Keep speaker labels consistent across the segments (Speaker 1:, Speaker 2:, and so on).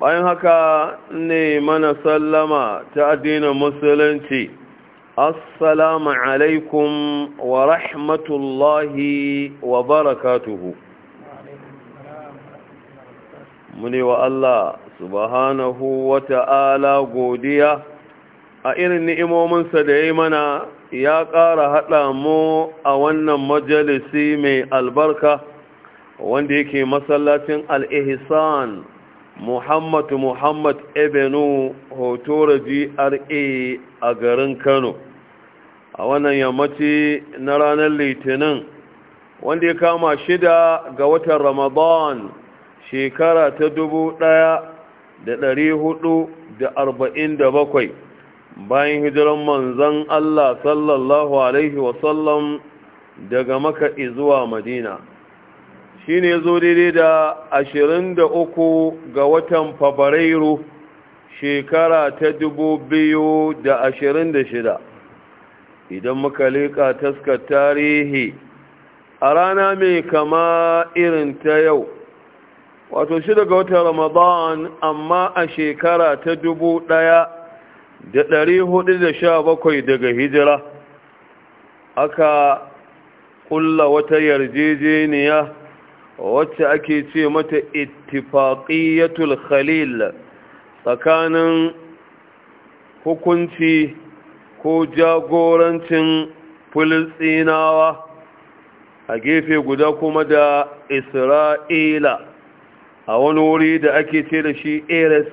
Speaker 1: bayan haka ne mana sallama ta addinin musulunci assalamu alaikum wa rahmatullahi wa barakatuhu mune wa Allah subhanahu wa ta'ala godiya a irin ni'imominsa da ya mana ya ƙara haɗa mu a wannan majalisi mai albarka wanda yake masallacin al-ihsan muhammad muhammad ebenu hotora gra a garin kano a wannan yammaci na ranar litinin wanda ya kama shida ga watan ramadan shekara ta dubu ɗaya da ɗari hudu da arba'in da bakwai bayan hijiran manzan allah sallallahu alaihi wasallam daga maka zuwa madina shi ne zo daidai da ashirin da uku ga watan fabrairu shekara ta dubu biyu da ashirin da shida idan muka leƙa taskar tarihi a rana mai kama irin ta yau wato shida ga watan ramadan amma a shekara ta dubu ɗaya da ɗari hudu da sha bakwai daga hijira aka ƙulla wata yarjejeniya wacce ake ce mata ittifaqiyatul khalil tsakanin hukunci ko jagorancin filistinawa a gefe guda kuma da isra'ila a wani wuri da ake ce da shi eres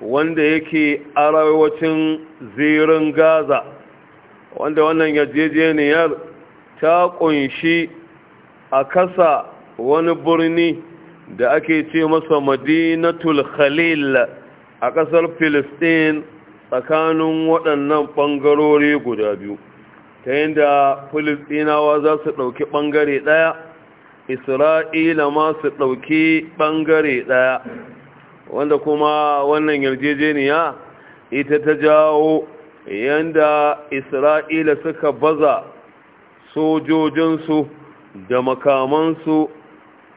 Speaker 1: wanda yake arawacin zirin gaza wanda wannan yajejeniyar ta kunshi a kasa wani birni da ake ce masa madinatul khalil a ƙasar filistin tsakanin waɗannan ɓangarori guda biyu ta yadda filistinawa za su ɗauki ɓangare ɗaya isra'ila ma su ɗauki ɓangare ɗaya wanda kuma wannan yarjejeniya ita ta jawo yadda isra'ila suka baza sojojinsu da makamansu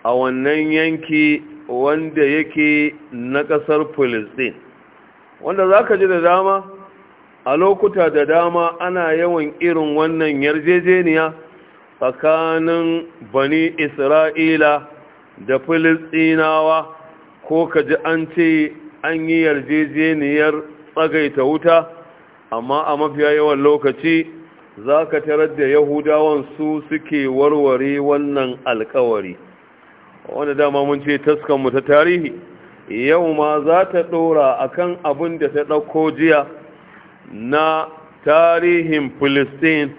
Speaker 1: a wannan yanki wanda yake na ƙasar palestine wanda za ka ji da dama a lokuta da dama ana yawan irin wannan yarjejeniya tsakanin bani Isra'ila da Filistinawa ko kaji ji an ce an yi yarjejeniyar tsagaita wuta amma a mafi yawan lokaci za ka tarar da Yahudawan su suke warware wannan alkawari. wanda dama mun ce mu ta tarihi yau ma za ta ɗora akan abin da ta ɗauko jiya na tarihin filistin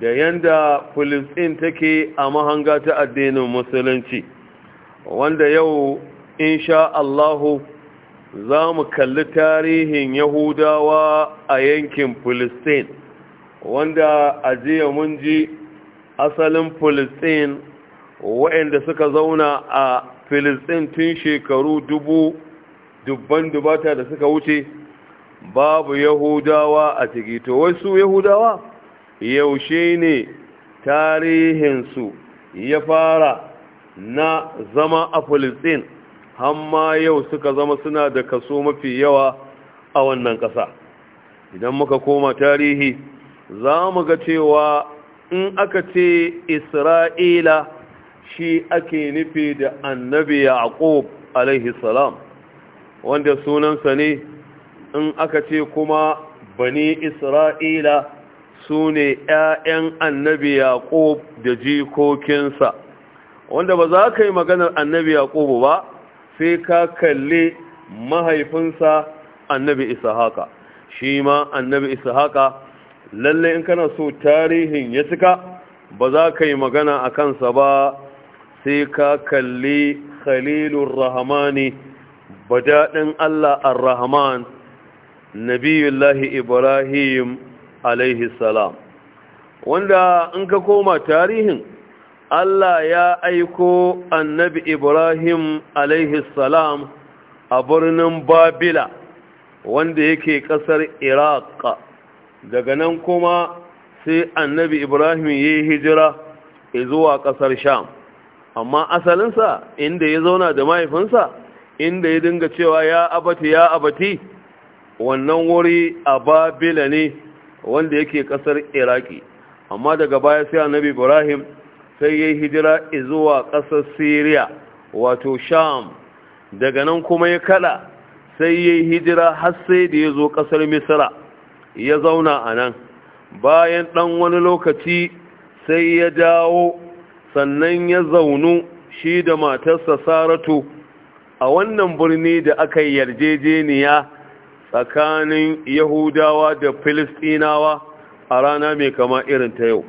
Speaker 1: da yanda filistin take a mahanga ta addinin musulunci wanda yau insha Allahu za mu kalli tarihin yahudawa a yankin filistin wanda a jiya mun ji asalin filistin waɗanda suka zauna a filistin tun shekaru dubu dubban dubata da suka wuce babu yahudawa a ciki to wai su yahudawa yaushe ne tarihinsu ya fara na zama a filistin hamma yau suka zama suna da kaso mafi yawa a wannan ƙasa idan muka koma tarihi za mu ga cewa in aka ce isra'ila shi ake nufi da annabi yaqub alaihi salam wanda sunansa ne in aka ce kuma bani isra'ila su ne 'ya'yan annabi yaqub da jikokinsa wanda ba za ka yi maganar annabi yaqub ba sai ka kalli mahaifinsa annabi isahaka shi ma annabi isahaka lalle in kana so tarihin ya cika ba za ka yi magana a kansa ba sai ka kalli khalilun rahmani badaɗin Allah ar-rahman nabiyullahi ibrahim alaihi salam wanda in ka koma tarihin Allah ya aiko annabi ibrahim alaihi salam a birnin babila wanda yake ƙasar iraq daga nan kuma sai annabi ibrahim ya yi hijira zuwa ƙasar sham amma asalinsa inda ya zauna da mahaifinsa inda ya dinga cewa ya abati ya abati wannan wuri a babila ne wanda yake kasar iraki amma daga baya sai annabi ibrahim sai ya yi hijira zuwa kasar syria wato sham daga nan kuma ya kada sai ya yi hijira har sai da ya zo kasar Misira ya zauna a nan bayan ɗan wani lokaci sai ya dawo sannan ya zaunu shi da matarsa saratu a wannan birni da aka yi yarjejeniya tsakanin yahudawa da filistinawa a rana mai kama irin ta yau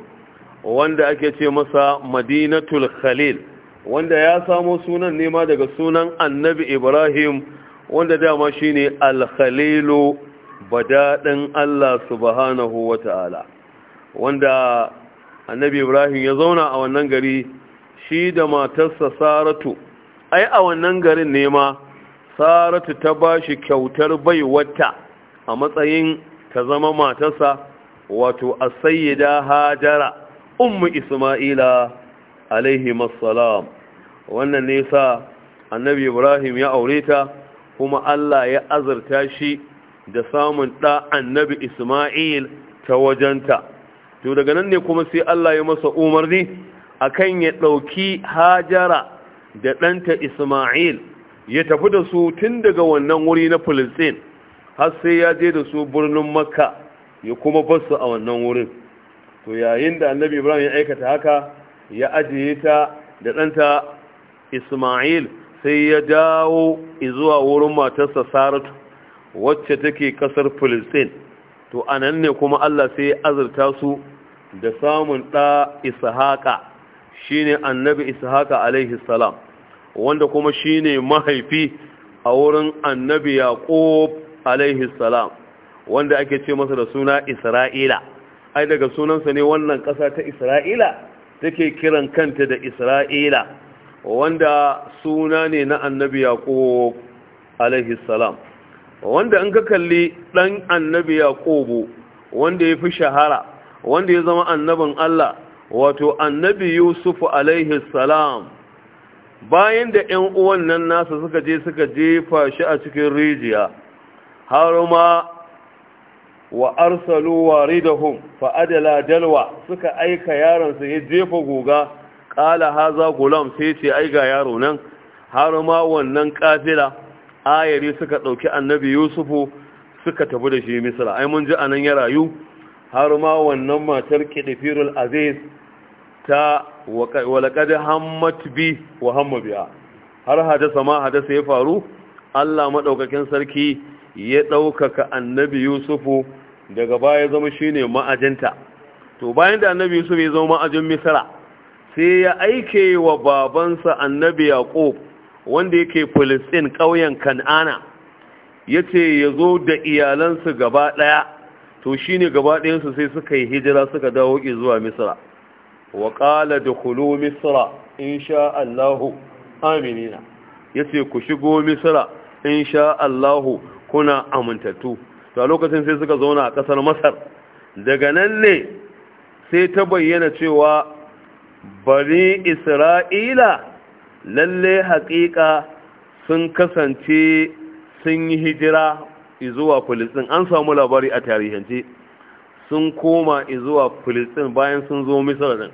Speaker 1: wanda ake ce masa madinatul khalil wanda ya samo sunan nema daga sunan annabi ibrahim wanda dama shine ne Alkhalilu badaɗin allah subhanahu wata'ala wanda annabi ibrahim ya zauna a wannan gari shi da matarsa saratu ai a wannan garin ne ma saratu ta ba shi kyautar baiwarta a matsayin ta zama matarsa wato a sayyida hajara ummu isma'ila alaihi masalam wannan ne sa annabi ibrahim ya aure ta kuma allah ya azurta shi da samun ɗa annabi isma'il ta wajenta to daga nan ne kuma sai Allah ya masa umarni akan ya ɗauki hajara da ɗanta Ismail ya tafi da su tun daga wannan wuri na Filistin har sai ya je da su birnin Makka ya kuma basu a wannan wurin to yayin da Annabi Ibrahim ya aikata haka ya ajiye ta da ɗanta Ismail sai ya dawo zuwa wurin matarsa Saratu wacce take kasar Filistin to anan ne kuma Allah sai ya azurta su da samun ɗa ishaqa shine annabi ishaqa alaihi salam wanda kuma shine mahaifi a wurin annabi yaqub alaihi salam wanda ake ce masa da suna isra'ila ai daga sunansa ne wannan ƙasa ta isra'ila take kiran kanta da isra'ila wanda suna ne na annabi yaqub alaihi salam wanda in ka kalli ɗan annabi yaƙobo wanda ya fi shahara wanda ya zama annabin Allah wato annabi Yusuf alaihi salam bayan da ‘yan uwan nan nasa suka je suka jefa shi a cikin rijiya har ma wa arsalu waridahum fa adala dalwa suka aika yaronsa ya jefa goga ƙala haza gulam sai ce ai yaro nan har ma wannan kafila ayari suka ɗauki annabi yusufu suka tafi da shi misra ai mun ji a nan ya rayu har ma wannan matar kidifirul aziz ta walakadi hammat bi wa hamma har hadasa ma hadasa ya faru allah maɗaukakin sarki ya ɗaukaka annabi yusufu daga baya zama shine ma'ajinta to bayan da annabi Yusufu ya zama ma'ajin misra sai ya aike wa babansa annabi yaqub wanda yake filistin ƙauyen kan'ana ya ce ya zo da iyalansu gaba ɗaya to shi ne gaba ɗayansu sai suka yi hijira suka dawo zuwa misra wa ƙala da kulo misra in allahu aminina ya ce ku shigo misra in sha allahu kuna amintattu to a lokacin sai suka zauna a ƙasar masar daga nan ne sai ta bayyana cewa bari isra'ila lalle haƙiƙa sun kasance sun yi hijira zuwa filistin an samu labari a tarihance sun koma zuwa filistin bayan sun zo misar din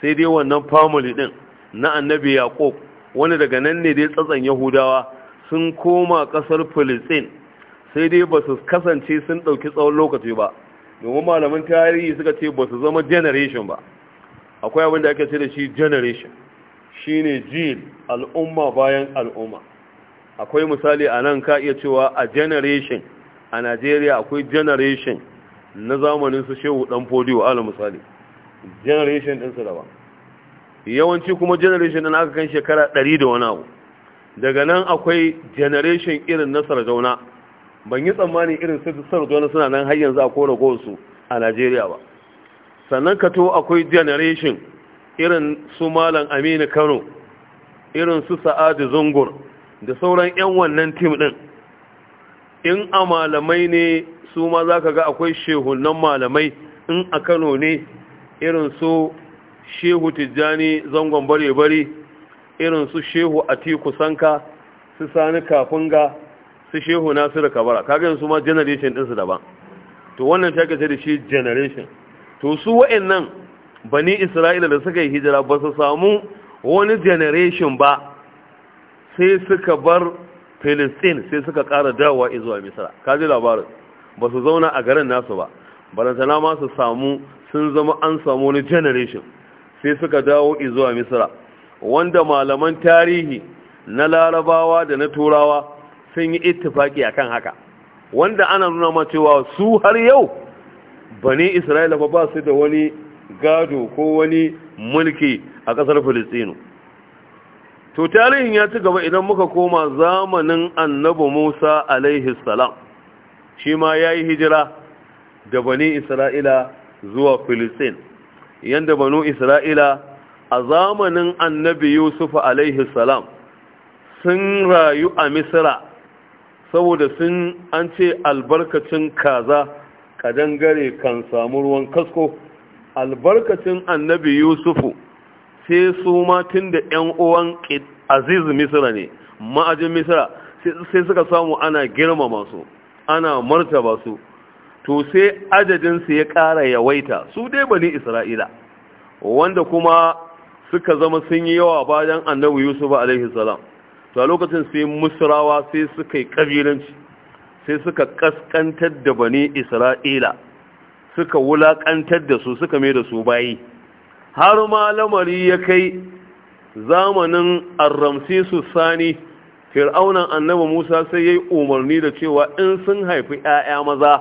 Speaker 1: sai dai wannan famuli din na annabi yaqub wani daga nan ne dai tsatsan yahudawa sun koma ƙasar filistin sai dai ba su kasance sun ɗauki tsawon lokaci ba domin malaman tarihi suka ce ba su zama generation ba akwai abin da ake ce da shi generation Shi ne jil al'umma bayan al'umma akwai misali a nan ka iya cewa a generation a Najeriya akwai generation na zamanin su shehu dan fodiyo ala misali generation din su daban yawanci kuma generation din aka kan shekara 100 da wani abu daga nan akwai generation irin na sarjauna ban yi tsammani irin su sarjauna suna nan har yanzu a kora gosu a Najeriya ba sannan ka to akwai generation irin su malam aminu kano irin su sa'adu zungur da sauran 'yan wannan tim ɗin in a malamai ne su ma za ka ga akwai shehunan malamai in a kano ne irin su shehu tijjani zangon bare-bare irin su shehu atiku sanka su sani kafunga su shehu nasiru kabara kaga su ma generation ɗinsu daban to wannan ta kace da shi generation to su nan. bani isra'ila da suka yi hijira ba su samu wani generation ba sai suka bar Filistin sai suka ƙara dawowa Misira. misra kaji labarin ba su zauna a garin nasu ba barantana ma su samu sun zama an samu wani generation sai suka dawo izuwa misra wanda malaman tarihi na larabawa da na turawa sun yi ittifaki kan haka wanda ana nuna ma cewa su har yau bani isra'ila ba ba su da wani gado ko wani mulki a ƙasar filistinu to tarihin ya ci gaba idan muka koma zamanin annabi musa alaihi salam shi ma ya yi hijira da bani isra'ila zuwa filistin yadda bani isra'ila a zamanin annabi yusuf alaihi salam sun rayu a Misira saboda sun an ce albarkacin kaza kadangare kan samu ruwan kasko albarkacin annabi yusufu sai su matin da 'yan uwan aziz Misira ne ma'ajin Misira. sai suka samu ana girmama su ana martaba su to sai adadinsu ya ƙara yawaita su dai bani isra'ila wanda kuma suka zama sun yi yawa bayan annabi Yusufu alaihi salam to a lokacin sai musrawa sai suka yi ƙabilanci sai suka ƙasƙantar da bani isra'ila suka wulaƙantar da su suka mai da su bayi har ma lamari ya kai zamanin su sani fir'aunan annaba musa sai ya yi umarni da cewa in sun haifi 'ya'ya maza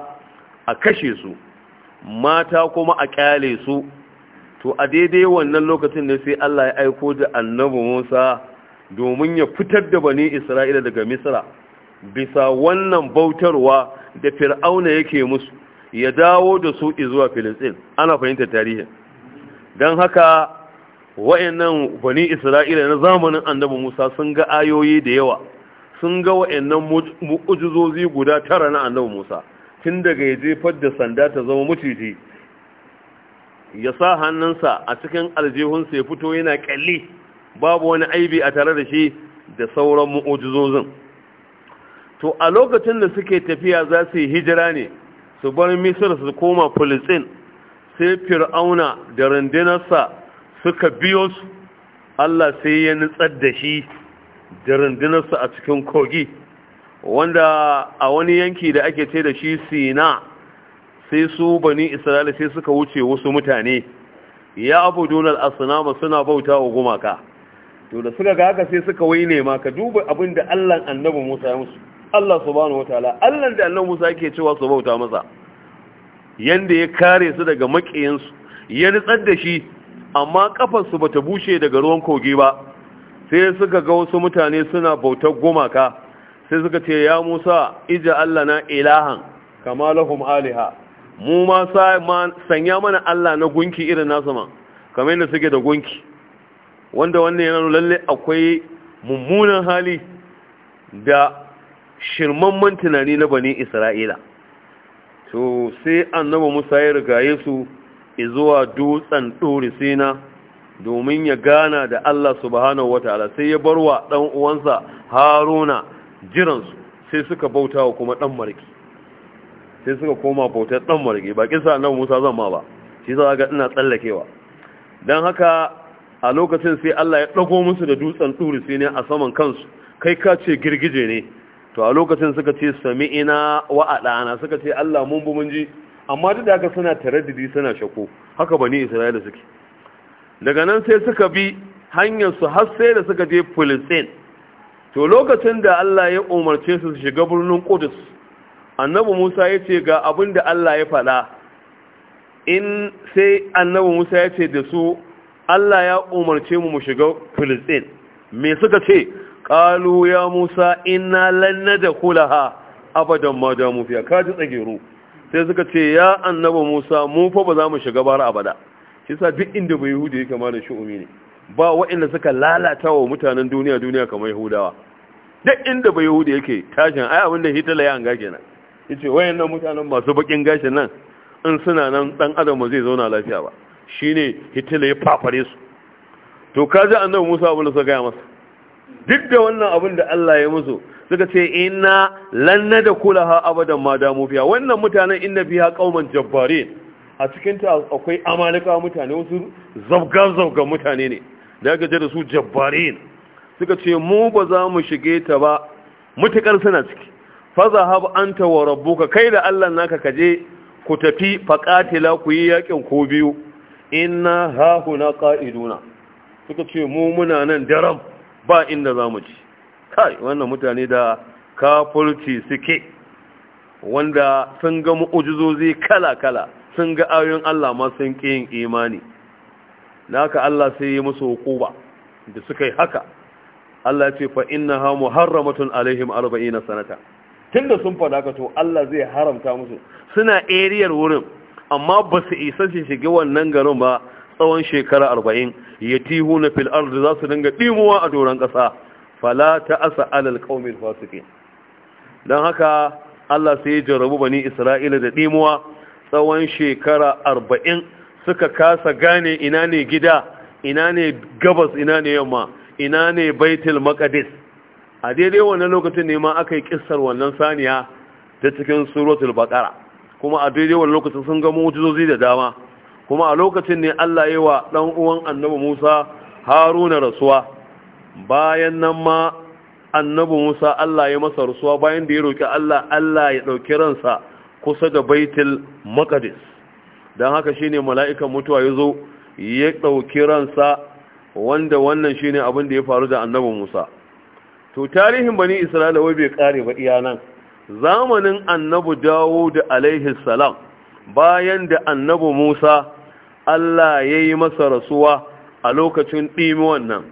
Speaker 1: a kashe su mata kuma a ƙyale su to a daidai wannan lokacin ne sai allah ya aiko da annaba musa domin ya fitar da bani isra'ila daga misra bisa wannan bautarwa da fir'auna yake musu ya dawo da su zuwa filistin ana fahimtar tarihin don haka wa'annan bani isra'ila na zamanin annabi musa sun ga ayoyi da yawa sun ga wa'annan mu'ujizozi guda tara na annabi musa tun daga ya jefar da sanda ta zama maciji ya sa hannunsa a cikin aljihunsa ya fito yana kalli babu wani aibi a tare da shi da sauran mu'ujizozin to a lokacin da suke tafiya za su yi hijira ne su bar misir su koma filistin sai fir'auna da rundunarsa suka biyo su allah sai ya nutsar da shi da rundunarsa a cikin kogi wanda a wani yanki da ake ce da shi sina sai su bani isra'ila sai suka wuce wasu mutane ya abu donar asinama suna bauta wa gumaka to da suka ga haka sai suka wai ma ka duba abinda da allah annabi musa ya musu Allah subhanahu wataala Allah da Allah Musa yake cewa su bauta masa yanda ya kare su daga makiyansu ya nitsar da shi amma kafarsu bata bushe daga ruwan kogi ba sai suka ga wasu mutane suna bautar gumaka sai suka ce ya Musa ija Allah na ilahan kama aliha mu ma sanya mana Allah na gunki irin nasu ma kamar yadda suke da gunki wanda wannan yana lalle akwai mummunan hali da shirmamman tunani na bane isra'ila to sai annaba musa ya rigaye su zuwa dutsen ɗori sina domin ya gana da allah subhanahu wataala sai ya barwa ɗan uwansa haruna jiransu sai suka bauta wa kuma ɗan marki sai suka koma bautar ɗan marki ba kisa annaba musa zan ma ba shi za ga ina tsallakewa don haka a lokacin sai allah ya ɗago musu da dutsen ɗori sina a saman kansu kai ka ce girgije ne to a lokacin suka ce sami'ina wa adana suka ce Allah mun bu mun ji amma duk da haka suna taraddidi suna shako haka bani Isra'ila suke daga nan sai suka bi hanyar su har sai da suka je Filistin to lokacin da Allah ya umarce su su shiga birnin Qudus annabi Musa ya ce ga abin Allah ya faɗa in sai annabi Musa ya ce da su Allah ya umarce mu mu shiga Filistin me suka ce qalu ya musa ina da kula ha abadan ma damu fiya kaji tsagero sai suka ce ya annaba musa mu fa ba za mu shiga bara abada shi sa duk inda bai yahudi yake ma da shi'umi ne ba waɗanda suka lalata wa mutanen duniya duniya kamar yahudawa duk inda bai yahudi yake tashin ai abin da hitala ya hanga kenan yace wayannan mutanen masu bakin gashin nan in suna nan dan adam ba zai zauna lafiya ba shine hitala ya fafare su to kaji annabi musa abin da suka gaya masa duk da wannan abin da Allah ya musu suka ce ina lanna da kulaha abadan ma damu fiya wannan mutanen inna fiha kauman jabbare a cikin ta akwai amalika mutane wasu zabgan zabga mutane ne da ga da su jabbare suka ce mu ba za mu shige ta ba mutakar suna ciki Fa fazahab anta wa rabbuka kai da Allah naka kaje ku tafi faqatila ku yi yakin ko biyu inna hahuna qa'iduna suka ce mu muna nan daram ba inda za mu ci kai wannan mutane da kafurci suke wanda sun ga mu'ujizozi kala-kala sun ga ayoyin Allah ma sun ƙi yin imani naka Allah sai yi musu hukuba da suka yi haka Allah ce fa innaha muharramatun alaihim 40 sanata tunda sun fada ka to Allah zai haramta musu suna ariyar wurin amma ba su isa shi shiga wannan garin ba tsawon shekara arba'in ya tihu na fil arzi za su dinga ɗimuwa a doron ƙasa fala ta asa alal ƙaumin fasiki don haka allah sai ya jarabu bani isra'ila da ɗimuwa tsawon shekara arba'in suka kasa gane ina ne gida ina ne gabas ina ne yamma ina ne baitul maqdis a daidai wannan lokacin ne ma aka yi kissar wannan saniya ta cikin suratul baqara kuma a daidai wannan lokacin sun ga mu'jizozi da dama kuma a lokacin ne Allah yi wa ɗan uwan annabi Musa Haruna rasuwa bayan nan ma annabi Musa Allah ya masa rasuwa bayan da ya roki Allah Allah ya ɗauki ransa kusa da Baitul Maqdis dan haka shine mala'ikan mutuwa yazo ya ɗauki ransa wanda wannan shine abin da ya faru da annabi Musa to tarihin bani Isra'ila wai bai kare ba iya nan zamanin annabi Dawud alaihi salam bayan da annabi Musa Allah ya yi masa rasuwa a lokacin ɗimi wannan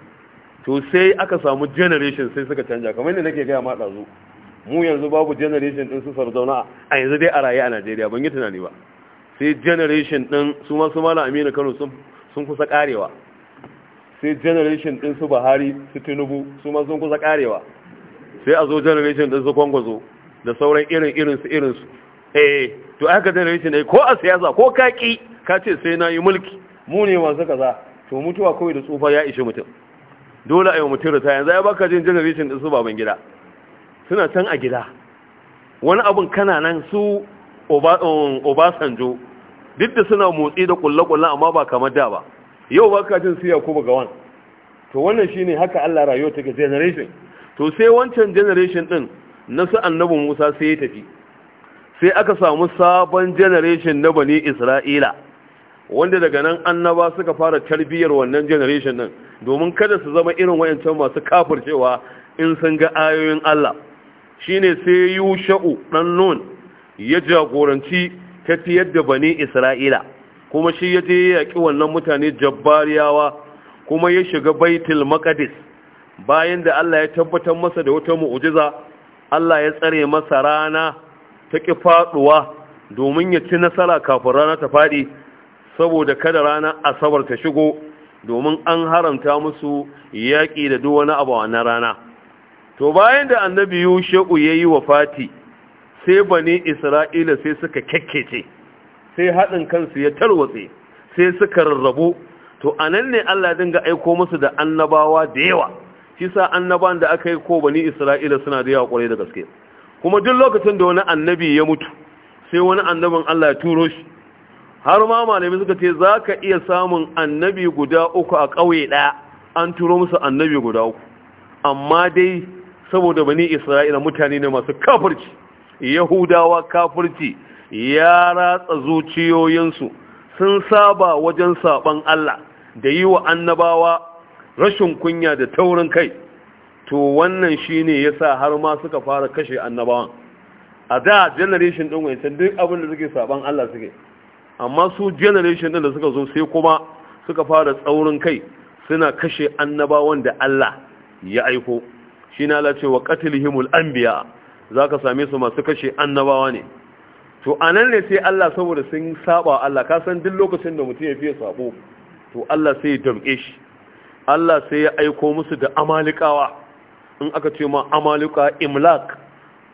Speaker 1: to sai aka samu generation sai suka canja kamar yadda nake gaya ma ɗazu mu yanzu babu generation ɗin su sarzauna a yanzu dai a raye a najeriya ban yi tunani ba sai generation ɗin su masu mala amina kano sun kusa ƙarewa. sai generation ɗin su buhari su tinubu su ma sun kusa ƙarewa. sai a zo generation ɗin su kwangwazo da sauran irin irinsu irinsu eh to aka generation ɗin ko a siyasa ko kaki ka ce sai na yi mulki mu ne masu kaza to mutuwa kawai da tsufa ya ishe mutum dole a yi mutum rita yanzu ya baka jin generation din su baban gida suna can a gida wani abin kana nan su um, obasanjo duk da suna motsi da kulle-kulle amma ba kamar da ba yau baka jin su yakubu gawan to wannan shine haka Allah rayuwa take generation to sai wancan generation din na su annabi Musa sai ya tafi sai aka samu sabon generation na bani Isra'ila wanda daga nan annaba suka fara tarbiyyar wannan generation din domin kada su zama irin wayancan masu kafircewa in sun ga ayoyin Allah shine sai yusha'u dan nun ya jagoranci tafiyar da bani Isra'ila kuma shi ya je ya yaki wannan mutane jabbariyawa kuma ya shiga Baitul Maqdis bayan da Allah ya tabbatar masa da wata mu'jiza Allah ya tsare masa rana ta ki faduwa domin ya ci nasara kafin rana ta fadi saboda kada ranar asabar ta shigo domin an haramta musu yaƙi da duk wani abu a rana to bayan da annabi yushe'u ya yi wa fati sai bane isra'ila sai suka kyakkece sai haɗin kansu ya tarwatse sai suka rarrabu to a nan ne allah dinga aiko musu da annabawa da yawa shi sa annaban da aka yi ko bani isra'ila suna da yawa kwarai da gaske kuma duk lokacin da wani annabi ya mutu sai wani annabin allah ya turo shi har ma malami suka ce za ka iya samun annabi guda uku a ƙauye ɗaya an turo musu annabi guda uku amma dai saboda bani isra'ila mutane ne masu kafirci yahudawa kafirci ya ratsa zuciyoyinsu sun saba wajen saban Allah da yi wa annabawa rashin kunya da taurin kai to wannan shine sa har ma suka fara kashe annabawan a da generation ɗin wancan duk abin da suke saban Allah suke amma su generation din da suka zo sai kuma suka fara tsaurin kai suna kashe annabawan da Allah ya aiko shi na Allah ce wa qatlihimul anbiya zaka same su masu kashe annabawa ne to anan ne sai Allah saboda sun saba Allah ka san duk lokacin da mutum ya fiye sabo to Allah sai ya damke shi Allah sai ya aiko musu da amalikawa in aka ce ma amalika imlak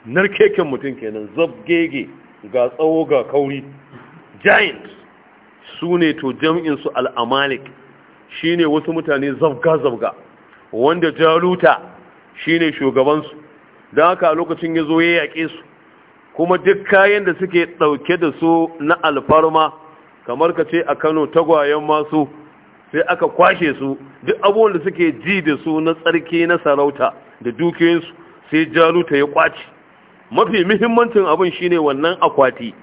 Speaker 1: narkeken mutum kenan zabgege ga tsawo ga kauri giant su ne to jam'insu al'amalik shi ne wasu mutane zabga-zabga wanda jaluta shi ne shugabansu don haka lokacin ya zo ya yaƙe su kuma duk kayan da suke ɗauke da su na alfarma kamar ka ce a kano tagwayen masu sai aka kwashe su duk abubuwan da suke ji da su na tsarki na sarauta da dukiyoyinsu sai jaluta ya kwace mafi muhimmancin abin shine wannan akwati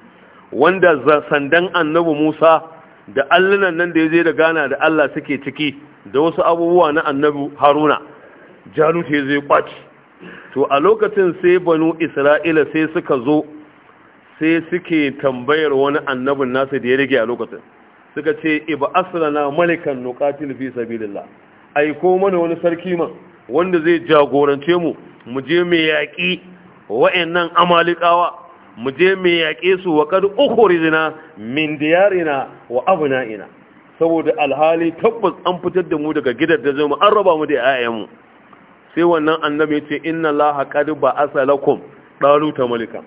Speaker 1: wanda sandan annabi Musa da allunan nan da ya je da gana da Allah suke ciki da wasu abubuwa na annabi Haruna Jalut ya zai kwaci to a lokacin sai banu Isra'ila sai suka zo sai suke tambayar wani annabin nasu da ya rage a lokacin suka ce iba na malikan nuqatil fi sabilillah aiko mana wani sarki ma wanda zai jagorance mu mu je mai yaƙi wa'annan amalikawa mu je mai yaƙe su wa kad zina min diyarina wa abna'ina saboda alhali tabbas an fitar da mu daga gidan da zama an raba mu da yayan mu sai wannan annabi ya ce inna allaha qad ba'asa lakum daluta ya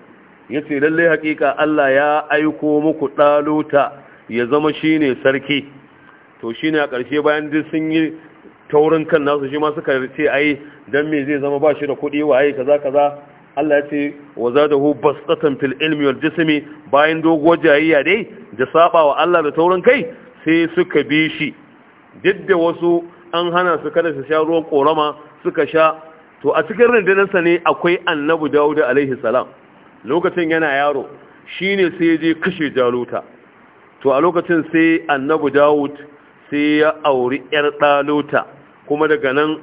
Speaker 1: yace lalle hakika Allah ya aiko muku ɗaluta ya zama shine sarki to shine a ƙarshe bayan duk sun yi taurin kan nasu shi ma suka ce ai dan me zai zama ba shi da kuɗi waye kaza kaza Allah ya ce wa zadahu bastatan fil ilmi wal jismi bayan doguwar jayayya dai da saba wa Allah da taurin kai sai suka bi shi duk da wasu an hana su kada su sha ruwan korama suka sha to a cikin sa ne akwai annabi Dawud alaihi salam lokacin yana yaro shine sai ya je kashe jaluta to a lokacin sai annabi Dawud sai ya auri yar daluta kuma daga nan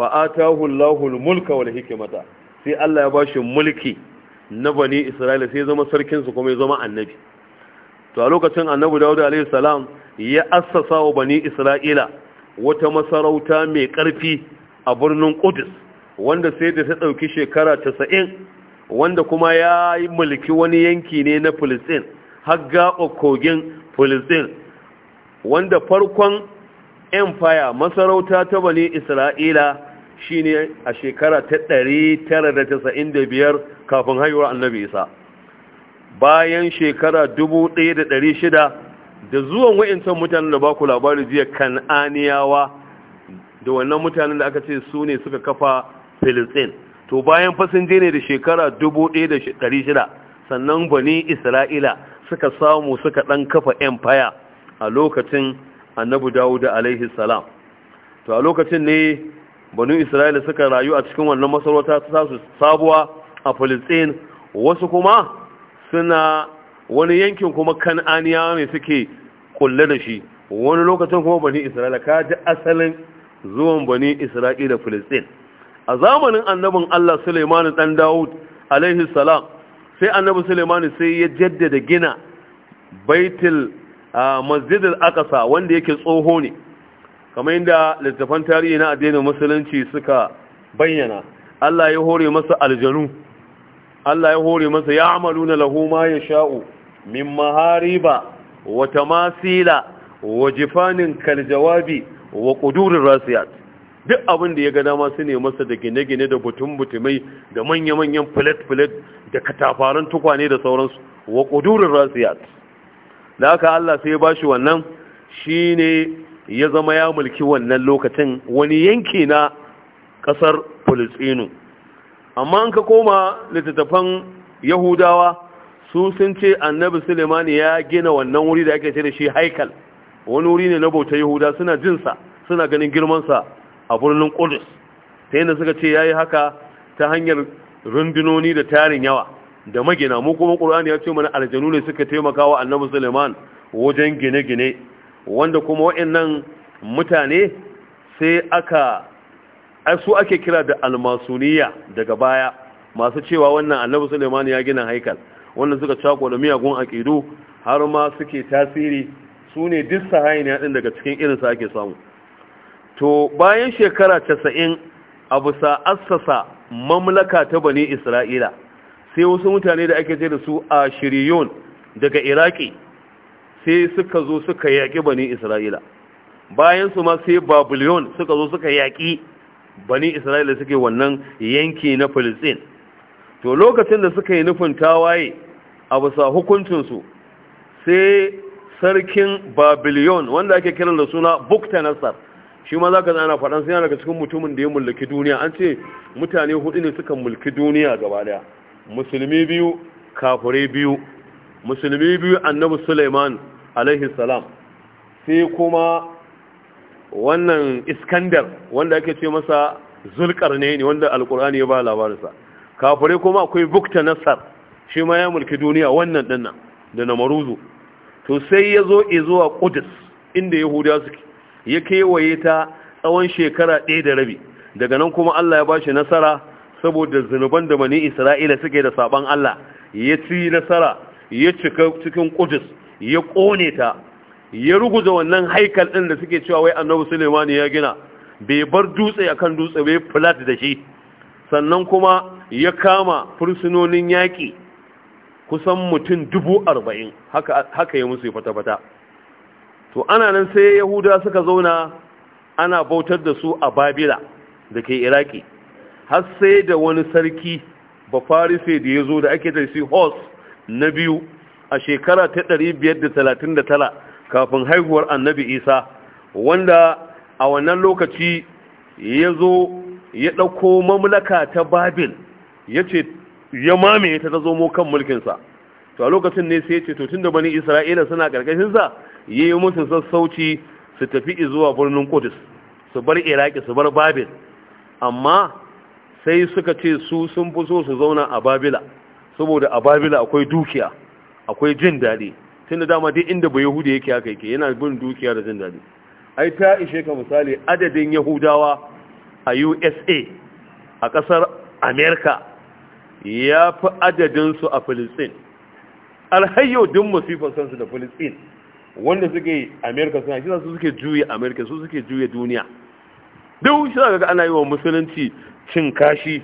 Speaker 1: atahu Allahul mulka wal hikmata sai Allah ya bashi mulki na bani Isra'ila sai zama sarkin su kuma ya zama annabi to a lokacin annabi Dawud salam ya assasa wa bani Isra'ila wata masarauta mai karfi a birnin Qudus wanda sai da ta ɗauki shekara casa'in. wanda kuma ya yi mulki wani yanki ne na Filistin har gaɓa kogin Filistin wanda farkon empire masarauta ta bani Isra'ila shine a shekara ta da 995 kafin haihuwar annabi isa bayan shekara 1600 da zuwan wa'incan mutanen da ba ku labari jiya kan'aniyawa da wannan mutanen da aka ce su ne suka kafa filistin to bayan fasinje ne da shekara 1600 sannan bani isra'ila suka samu suka ɗan kafa empire a lokacin annabi dawuda alaihi salam to a lokacin ne banu isra'ila suka rayu a cikin wannan masarauta ta su sabuwa a filistin wasu kuma suna wani yankin kuma kan'aniya ne suke kulle da shi wani lokacin kuma banu isra'ila ka ji asalin zuwan banu isra'ila filistin a zamanin annabin allah suleiman dan dawud alaihi salam sai annabi suleiman sai ya jaddada gina baitul ah, masjidil aqsa wanda yake tsoho ne kamar yadda littafan tarihi na addinin musulunci suka bayyana Allah ya hore masa aljanu Allah ya hore masa ya amalu na lahu ma ya sha'u min mahariba wa tamasila wa jifanin kaljawabi wa kudurin rasiyat duk abin da ya ga dama su ne masa da gine-gine da butun-butumai da manya-manyan filet-filet da katafaran tukwane da sauransu wa kudurin rasiyat da haka Allah sai ya bashi wannan shine ya zama ya mulki wannan lokacin wani yanki na ƙasar Filistinu. Amma an ka koma littattafan Yahudawa su sun ce annabi Suleimani ya gina wannan wuri da ake ce da shi haikal, wani wuri ne na bauta Yahuda suna jinsa, suna ganin girmansa a birnin Ƙudus. Ta yadda suka ce ya yi haka ta hanyar rundunoni da tarin yawa da magina, mu kuma ƙur'ani ya ce mana aljanu ne suka taimaka wa annabi Suleiman wajen gine-gine. wanda kuma waɗannan mutane sai aka su ake kira da almasuniya daga baya masu cewa wannan annabi suleiman ya gina haikal wannan suka cako da miyagun aƙidu har ma suke tasiri su ne duk sahayiniya ɗin daga cikin irinsa ake samu to bayan shekara casa'in a busa assasa mamlaka ta bani isra'ila sai wasu mutane da ake ce da su a shiriyon daga iraki sai suka zo suka yaƙi bani isra'ila bayan su ma sai babylon suka zo suka yaƙi bani isra'ila suke wannan yanki na filistin to lokacin da suka yi nufin tawaye a bisa hukuncinsu sai sarkin babylon wanda ake kiran da suna buktanasar shi ma za ka zana faɗan sai daga cikin mutumin da ya mulki duniya an ce mutane hudu ne suka mulki duniya gaba daya musulmi biyu kafirai biyu musulmi biyu annabi suleiman alaihi salam sai kuma wannan iskandar wanda ake ce masa zulkar ne wanda alkur'ani ya ba labarinsa Kafure kuma akwai bukta nasar shi ma ya mulki duniya wannan dinnan da na maruzu. to sai ya zo zuwa kudus inda Yahudiya suke ya kewaye ta tsawon shekara ɗaya da rabi daga nan kuma allah ya ba shi nasara saboda zunuban da mani isra'ila suke da saban allah ya ci nasara ya cika cikin Qudus ya kone ta ya ruguza wannan haikal din da suke cewa wai Annabi Sulaiman ya gina bai bar dutse akan dutse bai flat da shi sannan kuma ya kama fursunonin yaƙi kusan mutum dubu arba'in haka ya musu fata-fata to ana nan sai yahuda suka zauna ana bautar da su a babila da ke iraki har sai da wani sarki ba farise da ya zo da ake da shi horse na biyu a shekara ta da da 539 kafin haihuwar annabi isa wanda a wannan lokaci ya zo ya ɗauko mamlaka ta babil ya ce ya mamaye ta ta zomo kan mulkinsa to a lokacin ne sai ya ce tun da bani isra'ila suna ƙarƙashinsa ya yi musu sassauci su tafi zuwa birnin kudus su bar iraki su bar babil amma sai suka ce su sun fi so su zauna a babila saboda a babila akwai dukiya akwai jin daɗi tun da dama dai inda ba yahuda yake haka yake yana bin dukiya da jin daɗi ai ta ishe ka misali adadin yahudawa a usa a ƙasar america ya fi adadinsu a filistin alhayyau din masifar kansu da filistin wanda suke america suna shi su suke juye america su suke juye duniya duk shi ga ana yi wa musulunci cin kashi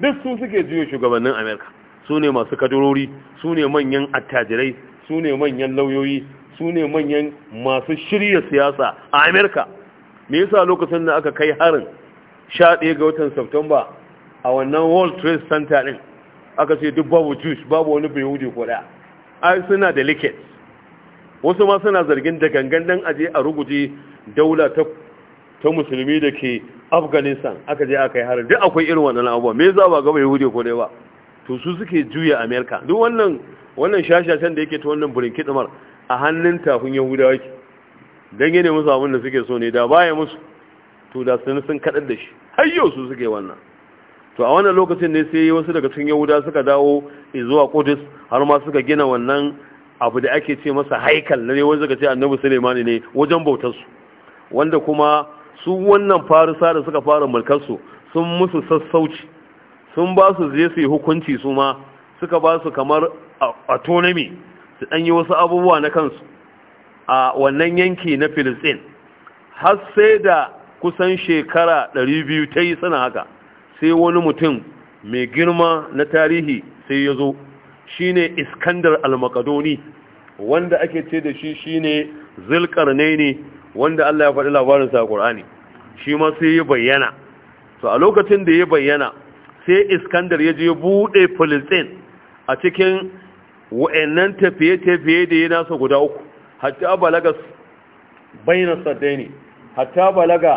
Speaker 1: duk su suke juye shugabannin america. su ne masu kadarori su ne manyan attajirai su ne manyan lauyoyi su ne manyan masu shirya siyasa a amerika me yasa lokacin da aka kai harin 11 ga watan Satumba a wannan World Trade Center din aka ce duk babu Jews babu wani Yahudi ko daya ai suna da liket wasu ma suna zargin da gangan dan aje a ruguje daula ta ta musulmi da ke Afghanistan aka je aka yi harin duk akwai irin wannan abubuwa me yasa ba ga Yahudi ko daya ba to su suke juya amerika duk wannan wannan shashashen da yake ta wannan burin kidimar a hannun tafin yahudawa ke don yane musu abin da suke so ne da baya musu to da sun sun kaɗar da shi har yau su suke wannan to a wannan lokacin ne sai wasu daga cikin yahudawa suka dawo zuwa kudus har ma suka gina wannan abu da ake ce masa haikal na ne wani suka ce annabi sulemani ne wajen bautar su wanda kuma su wannan farisa da suka fara mulkarsu sun musu sassauci sun ba su zai su yi hukunci su ma suka ba su kamar autonomy su ɗanyi wasu abubuwa na kansu a wannan yanki na filistin har sai da kusan shekara 200 ta yi suna haka sai wani mutum mai girma na tarihi sai ya zo Shi ne iskandar Almakadoni. wanda ake ce da shi shi ne Zilkar ne, wanda Allah ya faɗi labarinsa a Qur'ani shi ma sai ya bayyana to a lokacin da ya bayyana sai iskandar ya je buɗe filistin a cikin wa'annan tafiye-tafiye da ya nasa guda uku hatta balaga bainar sardaini hatta balaga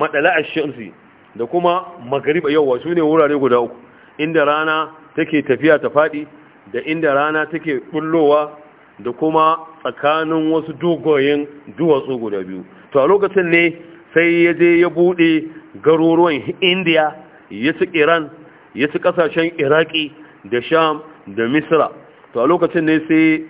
Speaker 1: matsala a shamsi da kuma magariba yauwa su ne wurare guda uku inda rana take tafiya ta faɗi da inda rana take bullowa da kuma tsakanin wasu dogoyin duwatsu guda biyu to a lokacin ne sai ya je ya buɗe garuruwan indiya ya ci iran ya ci kasashen iraki da sham da misra to a lokacin ne sai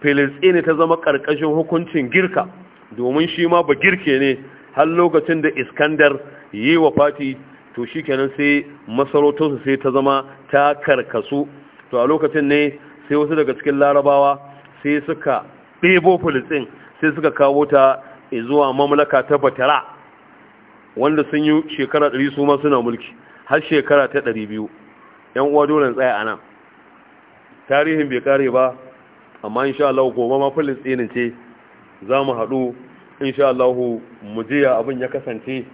Speaker 1: filistini ta zama ƙarƙashin hukuncin girka domin shi ma ba girke ne har lokacin da iskandar yi wa fati to shi kenan sai masarautarsu sai ta zama ta karkasu to a lokacin ne sai wasu daga cikin larabawa sai suka ɗebo filistin sai suka kawo ta zuwa mamlaka ta batara wanda sun yi shekara ɗari su ma suna mulki har shekara ta ɗari biyu yan uwa dole tsaye a nan tarihin bai kare ba amma insha Allah gobe ma tsinin ce za mu haɗu insha Allah mu jiya abin ya kasance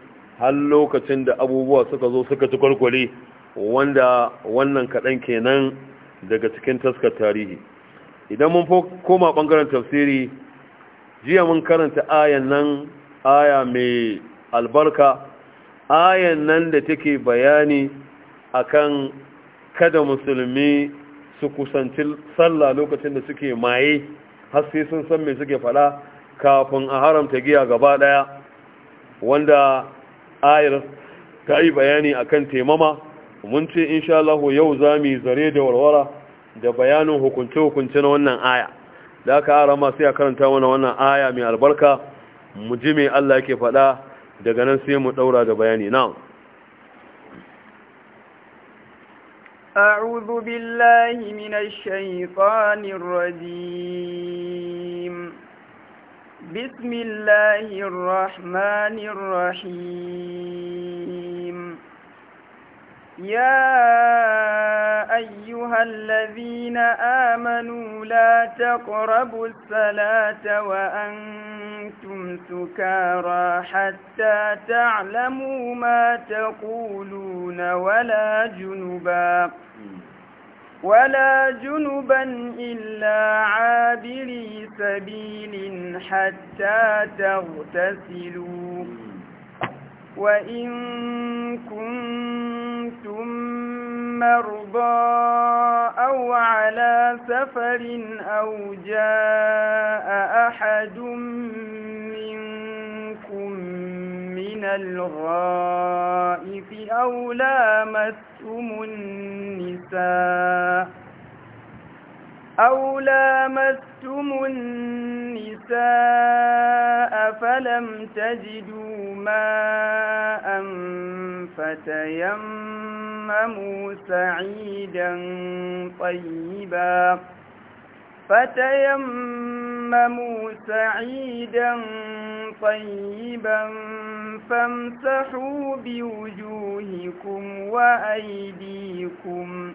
Speaker 1: har lokacin da abubuwa suka zo suka ci kwalkwale wanda wannan kaɗan kenan daga cikin taskar tarihi idan mun koma ɓangaren tafsiri jiya mun karanta ayan nan aya mai albarka ayan nan da take bayani akan kada musulmi su kusanci sallah lokacin da suke maye har sai sun san me suke fada kafin a haramta giya gaba daya wanda ayar ta yi bayani akan taimama mun ce insha Allah yau zamu zare da warwara da bayanin hukunce-hukunce na wannan aya da aka arama masu a karanta mana wannan aya mai albarka mu ji me Allah yake faɗa daga nan sai mu ɗaura ga bayani na
Speaker 2: a'uzubillahi mina shaiɗonir rabim bismillahi rahmanirrahi يا أيها الذين آمنوا لا تقربوا الصلاة وأنتم سكارى حتى تعلموا ما تقولون ولا جنبا ولا جنبا إلا عابري سبيل حتى تغتسلوا وإن كنتم مرضى أو على سفر أو جاء أحد منكم من الغائف أو لامستم النساء أو لامستم النساء فلم تجدوا ماء فتيمموا سعيدا طيبا فتيمموا سعيدا طيبا فامسحوا بوجوهكم وأيديكم ۖ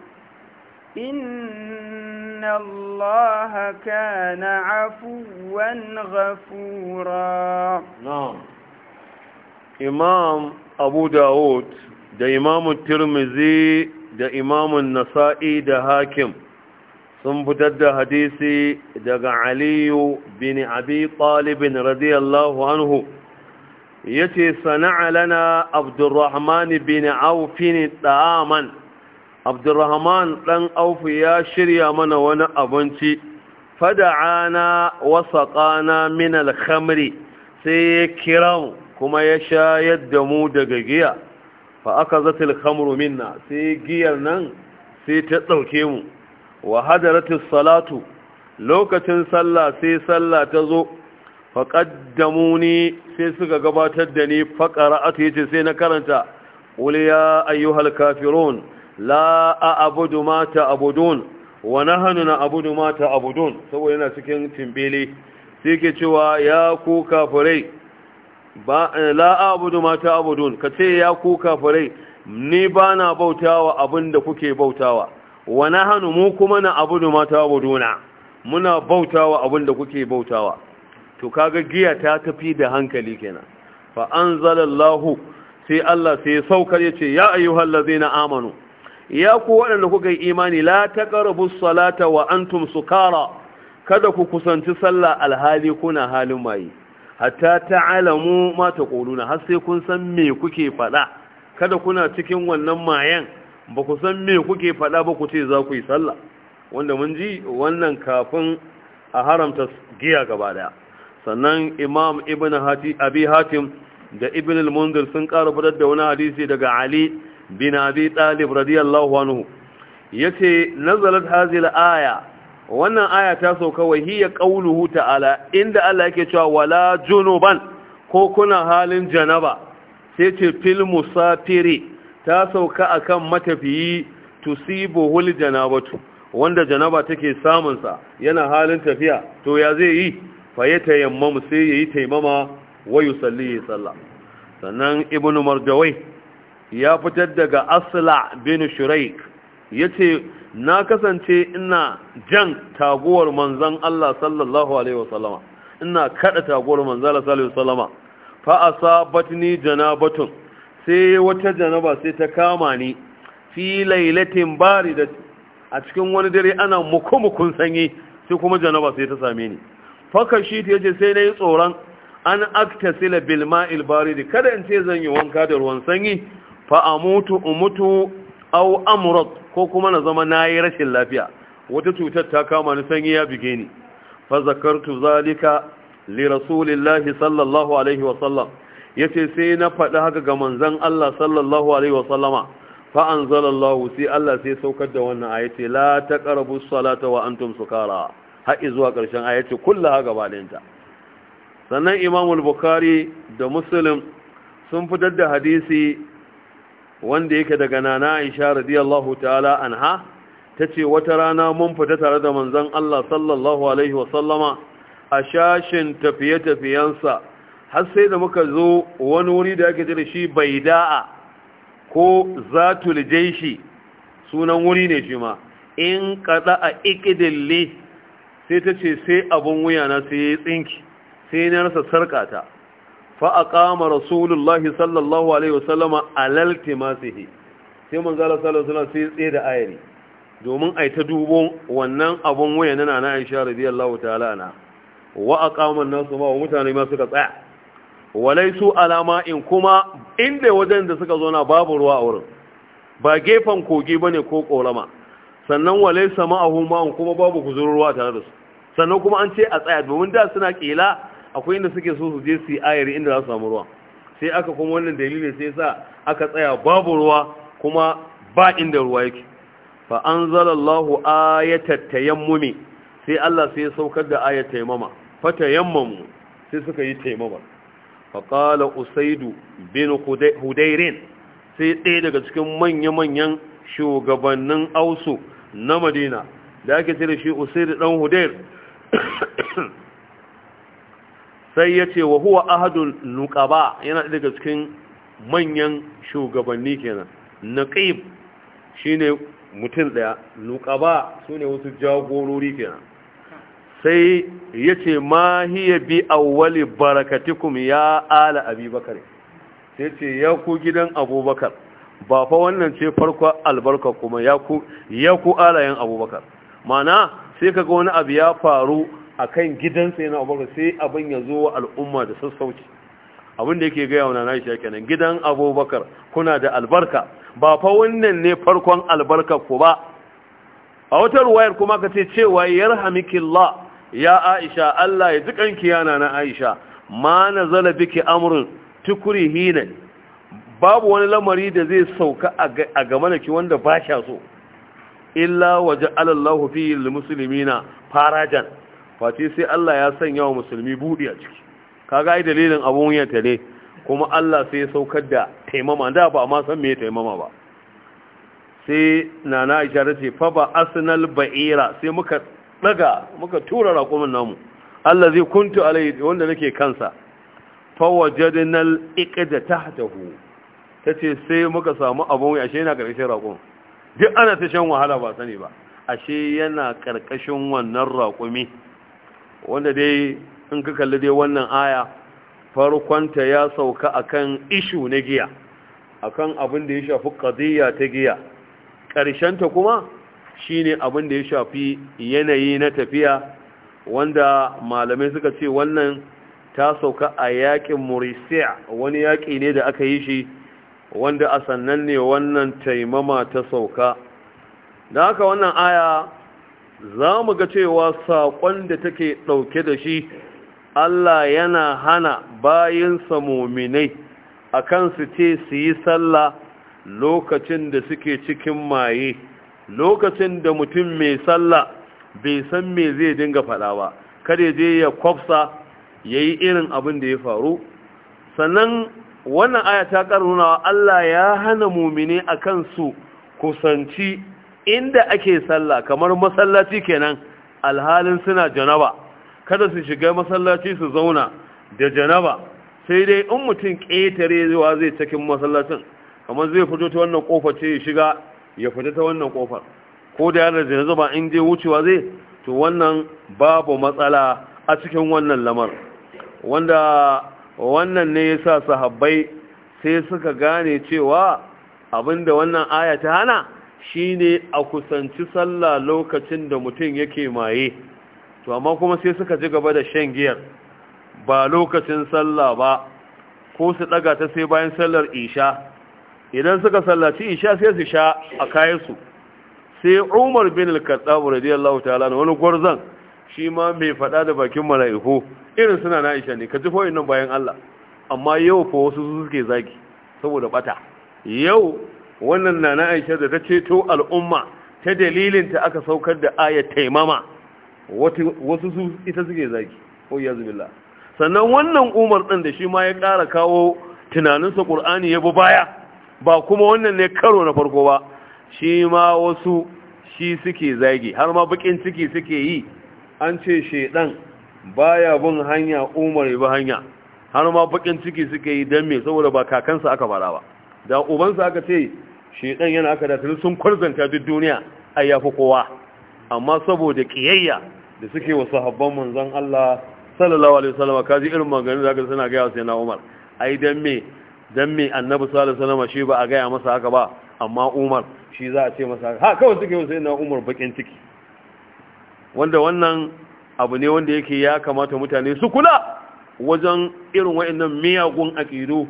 Speaker 2: إن الله كان عفوا غفورا
Speaker 1: نعم إمام أبو da imamun tirmizi da Imamin nasa'i da hakim sun fitar da hadisi daga aliyu bin abi talibin radiyallahu anhu ya ce sana'a lana abdurrahman bin aufin ta'aman abdurrahman ɗan aufu ya shirya mana wani abinci fada'ana wasaƙana min alkhamri sai ya kira kuma ya shayar da mu daga giya fa aka zata khamru minna sai giyar nan sai ta ɗauke mu wa hadaratis salatu lokacin sallah sai sallah ta zo faƙaddamuni sai suka gabatar da ni faƙara a yace sai na karanta ƙuliya ayyuhal kafirun la a'budu ma ta'budun wa nahnu saboda yana cikin timbele sai cewa ya ku kafirai ba la ni bana bautawa abinda kuke mu kuma na abudu ma ta'buduna muna bautawa abinda kuke bautawa to kaga giya ta tafi da hankali kenan fa anzalallahu sai Allah sai saukar yace ya ayyuhallazina amanu ya ku waɗanda kuka yi imani la taqrabu salata wa antum sukara kada ku kusanci sallah alhali kuna halin maye hatta ta'alamu ma taquluna har sai kun san me kuke faɗa kada kuna cikin wannan mayan ba ku san me kuke faɗa ba ku ce za ku yi sallah wanda mun ji wannan kafin a haramta giya gaba sannan imam ibn hati abi hatim da ibn al-munzir sun ƙara fadar da wani hadisi daga ali bin abi talib radiyallahu anhu yace nazalat hazil aya wannan aya ta sauka wa hiya qauluhu ta'ala inda Allah yake cewa wala junuban ko kuna halin janaba sai ce fil musafiri ta sauka akan matafiyi tusibuhul janabatu wanda janaba take samun sa yana halin tafiya to ya zai yi fa ya tayammamu sai yayi taimama wa yusalli sallah sannan ibnu marjawai ya fitar daga asla bin shuraik ya ce na kasance ina jan taguwar manzan Allah sallallahu alaihi wasallama ina kada taguwar manzan Allah sallallahu alaihi wasallama fa asabatni janabatun sai wata janaba sai ta kama ni fi lailatin da a cikin wani dare ana mukumukun sanyi sai kuma janaba sai ta same ni faka ta yace sai na yi tsoron an aktasila bil ma'il da kada in ce zan yi wanka da ruwan sanyi fa mutu umutu au amrad ko kuma na zama nayi rashin lafiya wata cutar ta kama ni sanyi ya bige ni fa zakartu zalika li rasulillahi sallallahu alaihi wa sallam ce sai na faɗi haka ga manzon Allah sallallahu alaihi wa sallama fa sai Allah sai saukar da wannan ayati la taqrabu salata wa antum kara. har zuwa ƙarshen ayati kullaha gabaninta sannan imamul bukhari da muslim sun fitar da hadisi wanda yake daga nana Aisha radiyallahu ta'ala anha tace wata rana mun fita tare da manzon Allah sallallahu alaihi wa sallama a shashin tafiye-tafiyensa har sai da muka zo wani wuri da ake jira shi baida'a ko zatul jaishi sunan wuri ne shi ma in kada a ikidilli sai tace sai abun wuya na sai tsinki sai na rasa sarkata فأقام رسول sallallahu alaihi wasallama عليه وسلم على التماسه sai manzala sallallahu alaihi wasallama sai tsaye da ayari domin a yi ta dubo wannan abun wuyan na na Aisha radiyallahu ta'ala na. wa aqama nasu ma mutane ma suka tsaya su alama in kuma inda wajen da suka zo na babu ruwa a wurin ba gefen kogi ba ne ko ƙorama. sannan walaisa ma'ahu ma'un kuma babu kuzurin ruwa tare da su sannan kuma an ce a tsaya domin da suna kila akwai inda suke so su je su yi ayari inda za su samu ruwa sai aka kuma wannan dalili sai sa aka tsaya babu ruwa kuma ba inda ruwa yake fa anzalallahu ayatat tayammumi sai Allah sai ya saukar da ayat tayammama fa tayammamu sai suka yi tayammama fa qala usaidu bin hudairin sai ɗaya daga cikin manya-manyan shugabannin ausu na madina da ake ce da shi usaidu dan hudair sai ya ce wa huwa ahadun nuqaba yana daga cikin manyan shugabanni kenan naqib shine mutum daya nuqaba sune wasu jagorori kenan sai ya ce ma hiya bi awwali barakatikum ya ala abubakar sai ce ya ku gidan abubakar ba fa wannan ce farko albarka kuma ya ku ya ku alayen abubakar mana sai kaga wani abu ya faru a kan gidansa yana abubakar sai abin ya zo wa al'umma da sassauci abinda yake gaya wa nana shi kenan gidan abubakar kuna da albarka ba fa wannan ne farkon albarka ku ba a wata ruwayar kuma ka ce cewa yarhamikillah ya aisha Allah ya kanki yana na aisha ma zala biki amurin tukuri hinan. babu wani lamari da zai sauka a game da ki wanda ba sha so illa waje alallahu fi musulmi na farajan face sai Allah ya sanya wa musulmi buɗi a ciki kaga ai dalilin abun ya tare kuma Allah sai ya saukar da taimama da ba ma san me taimama ba sai nana Aisha ta ce fa ba asnal ba'ira sai muka daga muka tura raƙumin namu Allah zai kuntu alai wanda nake kansa fa wajadnal iqda tahtahu tace sai muka samu abun ashe yana karshen raƙumin duk ana ta shan wahala ba sani ba ashe yana karkashin wannan raƙumi wanda dai in ka kalli dai wannan aya farkonta ya sauka akan ishu na giya akan abin da ya shafi ƙaziyya ta giya ta kuma shine abin da ya shafi yanayi na tafiya wanda malamai suka ce wannan ta sauka a yakin murisiya wani yaƙi ne da aka yi shi wanda a sannan ne wannan taimama ta sauka da haka wannan aya za mu ga cewa saƙon da take ɗauke da shi Allah yana hana bayansa muminai a kansu ce su yi sallah lokacin da suke cikin maye lokacin da mutum mai sallah bai san me zai dinga faɗa ba kada je ya kwafsa ya yi irin abin da ya faru sannan wannan aya ta Allah ya hana mumine a kansu kusanci inda ake sallah kamar masallaci kenan alhalin suna janaba kada su shiga masallaci su zauna da janaba sai dai in mutum ƙetare zuwa zai cikin masallacin kamar zai fito ta wannan kofar ce ya shiga ya fita ta wannan kofar ko da yana janaba in je wucewa zai to wannan babu matsala a cikin wannan lamar wanda wannan ne yasa sahabbai sai suka gane cewa abinda wannan aya ta hana Shi ne a kusanci sallah lokacin da mutum yake maye to amma kuma sai suka ji gaba da shan giyar ba lokacin sallah ba ko su daga ta sai bayan sallar isha idan suka sallaci isha sai su sha a kayansu sai umar bin al kattab radiyallahu ta'ala wani gwarzan shi ma mai fada da bakin mala'iku irin suna na isha ne ka ji fa'in nan bayan Allah amma yau fa wasu suke zaki saboda bata yau wannan na na aisha da ta ce to al'umma ta dalilinta aka saukar da ayat taimama wasu su ita suke zaki Ko ya sannan wannan umar ɗin da shi ma ya ƙara kawo tunaninsa ƙur'ani ya bi baya ba kuma wannan ne karo na farko ba shi ma wasu shi suke zagi har ma bakin ciki suke yi an ce shedan baya bin hanya umar ya bi hanya har ma bakin ciki suke yi don me saboda ba kakansa aka fara ba da ubansa aka ce shi ɗan yana aka da sun kwarzanta duk duniya ai yafi kowa amma saboda kiyayya da suke wa sahabban manzon Allah sallallahu alaihi wasallam kaji irin maganin aka suna ga sai na Umar ai dan me dan me annabi sallallahu alaihi wasallam shi ba a ga masa haka ba amma Umar shi za a ce masa ha kawai suke wa sai na Umar bakin ciki wanda wannan abu ne wanda yake ya kamata mutane su kula wajen irin waɗannan miyagun aƙidu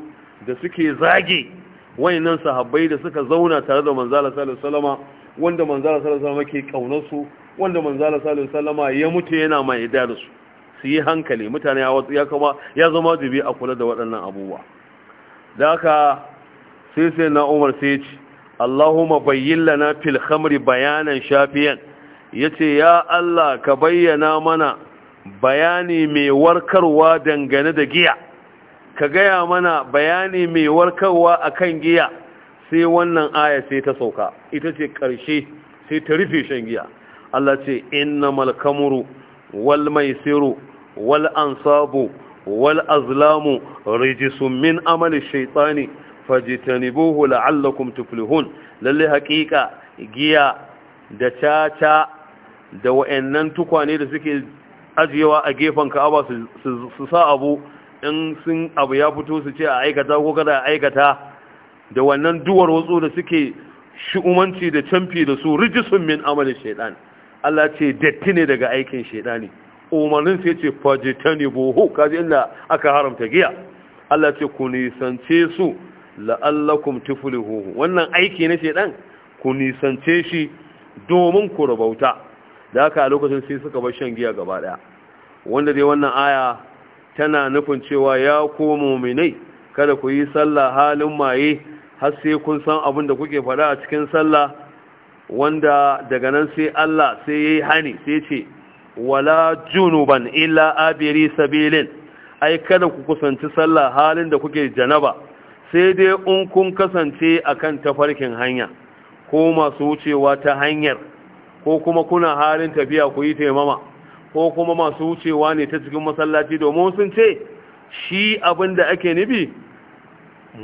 Speaker 1: da suke zage wayannan sahabbai da suka zauna tare da manzala sallallahu alaihi wasallama wanda manzala sallallahu alaihi wasallama ke kaunar su wanda manzala sallallahu alaihi wasallama ya mutu yana mai da su su yi hankali mutane ya watsi ya kama ya zama dubi a kula da waɗannan abubuwa da haka sai sai na Umar sai ce Allahumma bayyin lana fil khamri bayanan shafiyan yace ya Allah ka bayyana mana bayani mai warkarwa dangane da giya ka gaya mana bayani mai warkarwa a kan giya sai wannan aya sai ta sauka ita ce ƙarshe sai ta rufe shan giya Allah ce inna Malkamuru, wal maisiru wal ansabu wal azlamu rijisun min amali shaitani fajitanibuhu la'allakum tuflihun lalle haƙiƙa giya da caca da wa'annan tukwane da suke ajiyewa a gefen ka'aba su sa abu in sun abu ya fito su ce a aikata ko kada a aikata da wannan duwar wutsu da suke shi'umanci da canfi da su rijisun min amalin shaidan Allah ce datti ne daga aikin shaidani umarnin sai ce fajitani boho kaji inda aka haramta giya Allah ce ku nisance su la'allakum hoho wannan aiki na shaidan ku nisance shi domin ku rabauta da haka a lokacin sai suka bar shan giya gaba daya wanda dai wannan aya tana nufin cewa ya ko muminai kada ku yi sallah halin maye har sai kun san abin da kuke faɗa a cikin sallah wanda daga nan sai Allah sai yayi hani sai ce wala junuban illa abiri sabilin ai kada ku kusanci sallah halin da kuke janaba sai dai in kun kasance akan tafarkin hanya ko masu wucewa ta hanyar ko kuma kuna halin tafiya ku yi taimama ko kuma masu wucewa ne ta cikin masallaci domin sun ce shi abin da ake nufi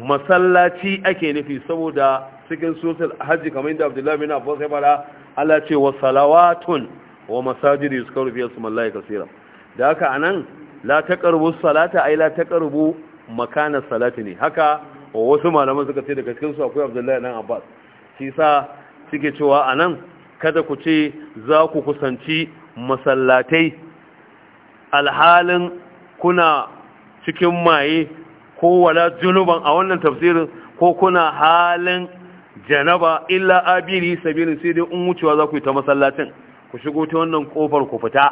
Speaker 1: masallaci ake nufi saboda cikin sosai hajji kamar inda abdullahi bin abbas sai fara Allah ce wa salawatun wa su kawo rufiyar su mallaye kasira da haka a nan la taqrabu salata ai la taqrabu makanar salati ne haka wasu malaman suka ce daga cikin su akwai abdullahi na abbas shi sa suke cewa anan kada ku ce za ku kusanci masallatai alhalin kuna cikin maye ko wala junuban a wannan tafsirin ko kuna halin janaba illa abiri sabirin sai dai in wucewa za ku yi ta masallacin ku shigo ta wannan kofar ku fita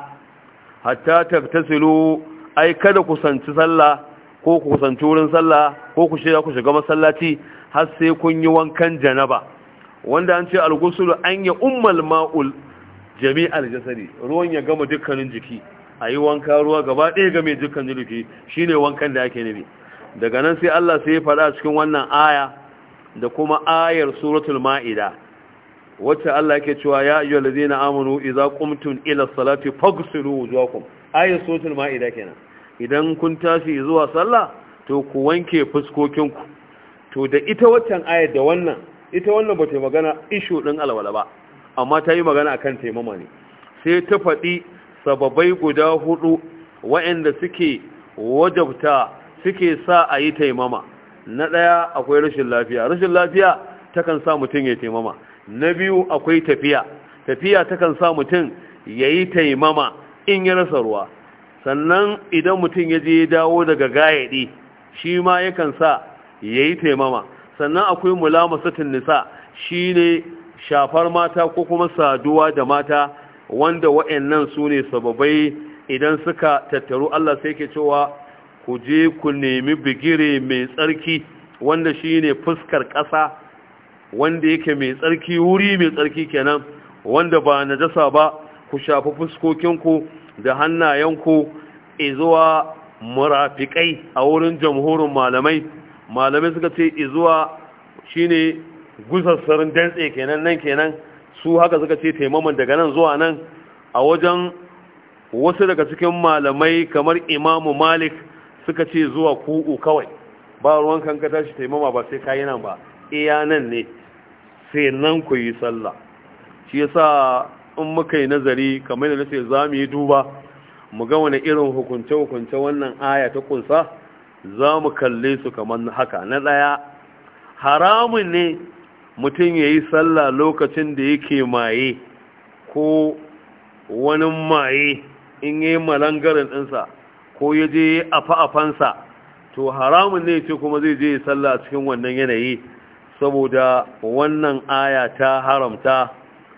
Speaker 1: hatta taktasilu ai kada ku sanci sallah ko ku santi wurin sallah ko ku shiga ku shiga masallaci har sai kun yi wankan janaba wanda an ce al-ghusl an ya ummal ma'ul jami'al jasadi ruwan ya gama dukkanin jiki ayi wanka ruwa gaba ɗaya ga mai dukkanin jiki shine wankan da ake nabi daga nan sai Allah sai ya faɗa cikin wannan aya da kuma ayar suratul ma'ida wacce Allah yake cewa ya ayyuhal ladina amanu idza qumtum ila salati faghsilu wujuhakum ayar suratul ma'ida kenan idan kun tashi zuwa sallah to ku wanke fuskokinku to da ita waccan ayar da wannan ita wannan ba ta magana isho ɗin alwala ba amma ta yi magana a kan taimama ne sai ta faɗi sababai guda hudu waɗanda suke wajabta suke sa a yi taimama na ɗaya akwai rashin lafiya rashin lafiya takan sa mutum ya taimama na biyu akwai tafiya tafiya takan sa mutum ya yi taimama in ya rasa ruwa sannan idan mutum ya je ya dawo daga gayaɗi shi ma yakan sa ya yi taimama sannan akwai mulamasatin nisa shine shafar mata ko kuma saduwa da mata wanda wa'annan su ne sababai idan suka tattaru Allah sai ke cewa ku je ku nemi bigire mai tsarki wanda shi ne fuskar ƙasa wanda yake mai tsarki wuri mai tsarki kenan wanda ba na jasa ba ku shafi fuskokinku da hannayenku izuwa murafiƙai a wurin jamhurin malamai malamai suka ce izuwa shine gusassarin dantse kenan nan kenan su haka suka ce taimaman daga nan zuwa nan a wajen wasu daga cikin malamai kamar imamu malik suka ce zuwa ku'u kawai ba ruwan kanka tashi taimama ba sai kayi nan ba iya nan ne sai nan ku yi sallah shi yasa in muka yi nazari kamar da nace za mu yi duba mu ga wani irin hukunce-hukunce wannan aya ta kunsa za mu kalle su kamar haka na ɗaya haramun ne mutum ya yi sallah lokacin da yake maye ko wani maye in yi malangarin ɗinsa ko ya je afa-afansa to haramun ne ce kuma zai je sallah cikin wannan yanayi saboda wannan aya ta haramta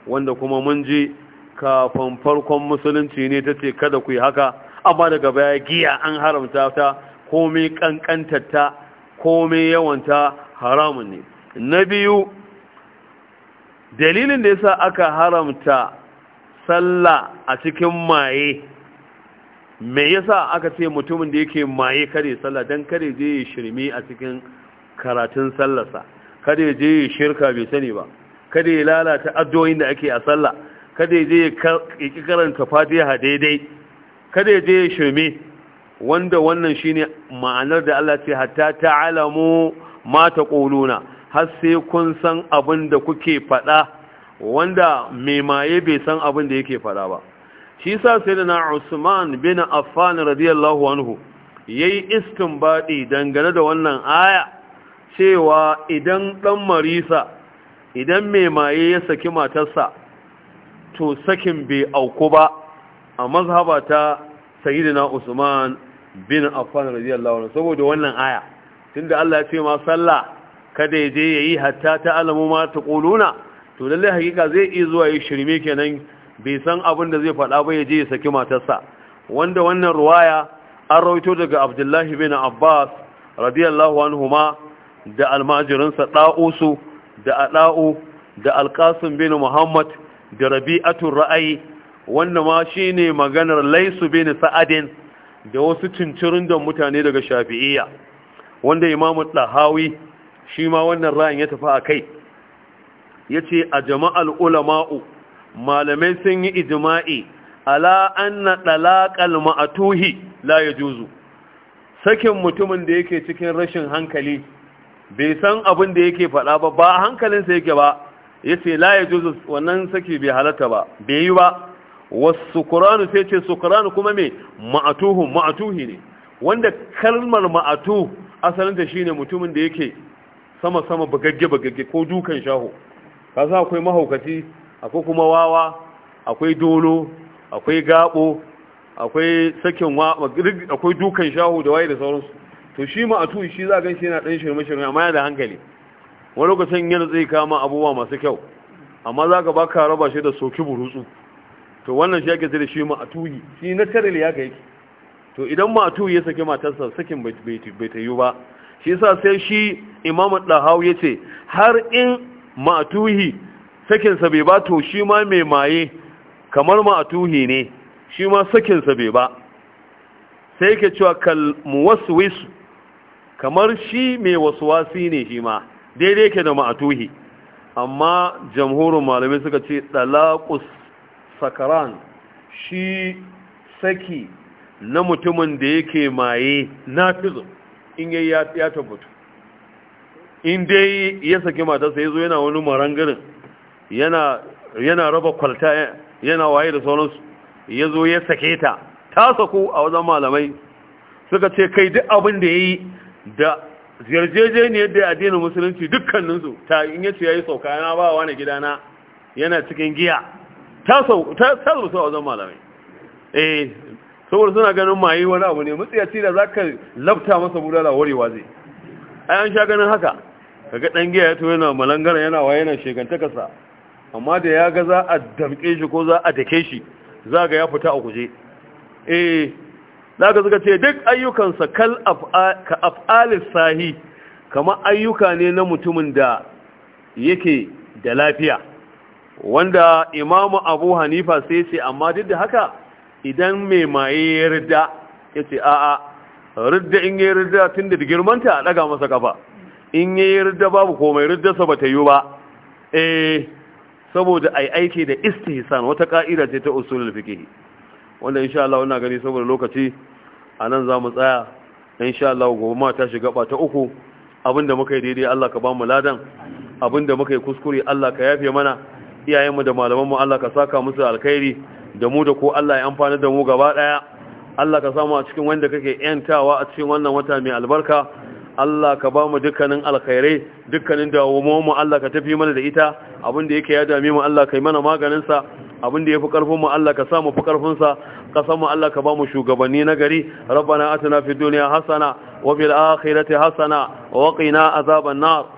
Speaker 1: wanda kuma mun ji kafin farkon musulunci ne ta ce kada ku yi haka amma daga baya giya an haramta ta komai kankantarta komai yawanta haramun ne na biyu dalilin da yasa aka haramta sallah a cikin maye me yasa aka ce mutumin da yake maye kare salla dan kare je ya shirme a cikin karatun sallarsa kare je ya shirka bai sani ba kada ya lalata addu'o'in da ake a sallah kada je ya karanta fatiha daidai kada je ya shirme wanda wannan shine ma'anar da Allah ce hatta ta'alamu ma taquluna har sai kun san abin da kuke faɗa wanda mai maye bai san abin da yake faɗa ba shi sa sayyidina Usman bin Affan radiyallahu anhu yayi istinbadi dangane da wannan aya cewa idan dan marisa idan mai maye ya saki matarsa to sakin bai auku ba a mazhabata, ta sayyidina Usman bin affan radiyallahu anhu saboda wannan aya tunda Allah ya ce ma sallah kada ya je yayi hatta ta alamu ma ta taquluna to lalle hakika zai iya zuwa yi shirme kenan bai san abin da zai faɗa ba ya je ya saki matarsa wanda wannan ruwaya an rawaito daga Abdullahi bin Abbas radiyallahu anhuma da almajirinsa ɗa'usu da ala'u da alƙasim bin Muhammad da rabi'atu ra'ayi wanda ma shine maganar laisu bin sa'adin da wasu cincirin da mutane daga shafi'iyya wanda imamu ɗahawi shi ma wannan ra'ayin ya tafi a kai ya ce a jama'al ulama'u malamai sun yi ijima'i ala anna ɗalaƙal ma'atuhi la ya sakin mutumin da yake cikin rashin hankali bai san abin da yake faɗa ba ba hankalinsa yake ba ya ce la ya juzu wannan saki bai halatta ba bai yi ba wasukuranu sai ce sukuranu kuma me ma'atuhu ma'atuhi ne wanda kalmar ma'atu asalinta shine mutumin da yake sama sama bagagge bagagge ko dukan shaho kaza akwai mahaukaci akwai kuma wawa akwai dolo akwai gabo akwai sakin wa akwai dukan shaho da waye da sauransu to shi ma'atu shi za gan shi yana dan shirme shirme amma yana da hankali wani lokacin yana zai kama abubuwa masu kyau amma za ka baka raba shi da soki burutsu to wannan shi ake zai da shi ma'atuhi shi na tare ya ga yake to idan ma'atuhi ya saki matarsa sakin bai ta yi ba shi sa sai shi imam ɗahau ya ce har in ma'atuhi sakinsa bai ba to shi ma mai maye kamar ma'atuhi ne shi ma sakinsa bai ba sai yake cewa kal muwaswis kamar shi mai wasi ne shi ma daidai yake da ma'atuhi amma jamhurin malamai suka ce talakus sakaran shi saki na mutumin da yake maye na fizo in yayi ya tabbatu in dai ya saki matarsa ya zo yana wani marangarin yana raba kwalta yana waye da sauransu ya ya sake ta ta saku a wajen malamai suka ce kai duk abin da ya yi da ne da addinin musulunci dukkaninsu ta in yace ya yi sauka yana ba wa gidana yana cikin giya ta zarsu a wajen eh saboda suna ganin maye wani abu ne mutsiyaci da za ka labta masa budala warewa zai ai an sha ganin haka kaga ɗan giya ya to yana malangara yana waye yana shekantakarsa amma da ya ga za a damƙe shi ko za a dake shi za ga ya fita a kuje. eh za ka suka ce duk ayyukansa kal ka af'alis sahi kama ayyuka ne na mutumin da yake da lafiya wanda imamu abu hanifa sai ce amma duk da haka idan mai maye ya rida ya ce a'a rida in yi rida tun da girmanta a ɗaga masa kafa in yi rida babu ko mai rida ba ta yi ba eh saboda ai aiki da istihsan wata ka'ida ce ta usulul fiqh wanda insha Allah ina gani saboda lokaci anan za mu tsaya insha Allah gobe ma ta shiga ba ta uku abinda muka yi daidai Allah ka ba mu ladan abinda muka yi kuskure Allah ka yafe mana iyayenmu da malamanmu Allah ka saka musu alkhairi da mu da ko Allah ya amfana da mu gaba daya Allah ka samu a cikin wanda kake yantawa a cikin wannan wata mai albarka Allah ka ba mu dukkanin alkhairai dukkanin dawomomu Allah ka tafi mana da ita abin da yake ya dame mu Allah kai mana maganin sa abin da yafi karfin mu Allah ka sa mu fi karfin sa kasan mu Allah ka ba mu shugabanni na gari rabbana atina fid dunya hasana wa fil akhirati hasana wa qina azaban nar